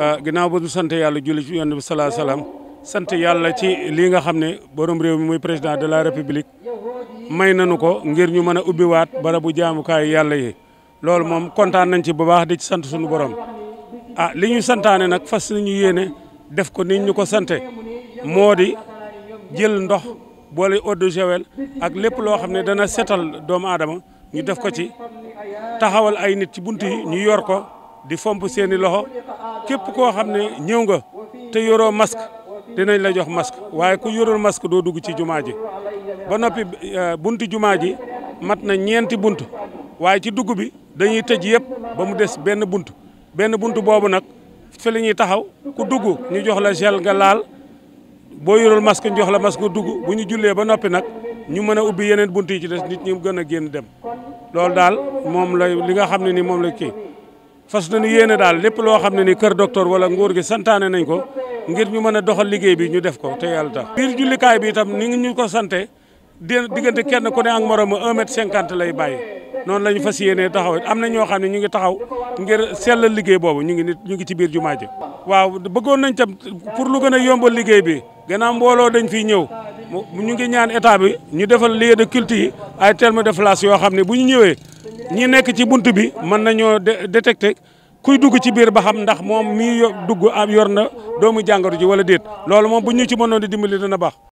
Euh, ginnaaw ba ñu sant yàlla julli ci yonent bi salaa salaam sant yàlla ci lii nga xam ne borom réew mi muy président de la république may nañu ko ngir ñu mën a ubbiwaat barabu jaamukaay yàlla yi loolu moom kontaan nañ ci bu baax de ci sant sunu borom ah li ñu santaane nag fas nañu yéene def ko nit ñu ko sante moo di jël ndox boole eau de javel ak lépp loo xam ne dana setal doomu aadama ñu def ko ci taxawal ay nit ci bunt yi ñu yor ko di fomp seeni loxo képp koo xam ne ñëw nga te yoroo masque dinañ la jox masque waaye ku yorul masque doo dugg ci jumaa ji ba noppi eh, bunt jumaa ji mat na ñeenti bunt waaye ci dugg bi dañuy tëj yëpp ba mu des benn bunt benn bunt boobu nag fi la ñuy taxaw ku dugg ñu jox la gel nga laal boo yorul masque ñu jox la masque nga dugg bu ñu jullee ba noppi nag ñu mën a ubbi yeneen bunt yi ci des nit ñi gën a génn dem loolu daal moom la li nga xam ne ni moom la kii fas nañu yéene daal lépp loo xam ne ni kër docteur wala nguur gi santaane nañ ko ngir ñu mën a doxal liggéey bi ñu def ko te yàlla tax. biir jullikaay bi itam ni ñu ko sante diggante kenn ku ne ak moroom un cinquante lay bàyyi noonu la ñu fas yéenee taxaw am na ñoo xam ne ñu ngi taxaw ngir sellal liggéey boobu ñu ngi nit ñu ngi ci biir jumaa ji waaw bëggoon nañ tam pour lu gën a yombal liggéey bi gannaaw mbooloo dañu fiy ñëw ñu ngi ñaan état bi ñu defal lieu de culte yi ay yoo xam ne bu ñu ñëwee ñi nekk ci bunt bi mën nañoo détecter kuy dugg ci biir ba xam ndax moom mii dugg am yor na doomu jàngoro ji wala déet loolu moom bu ñu ci mënoon di dimbali dana baax.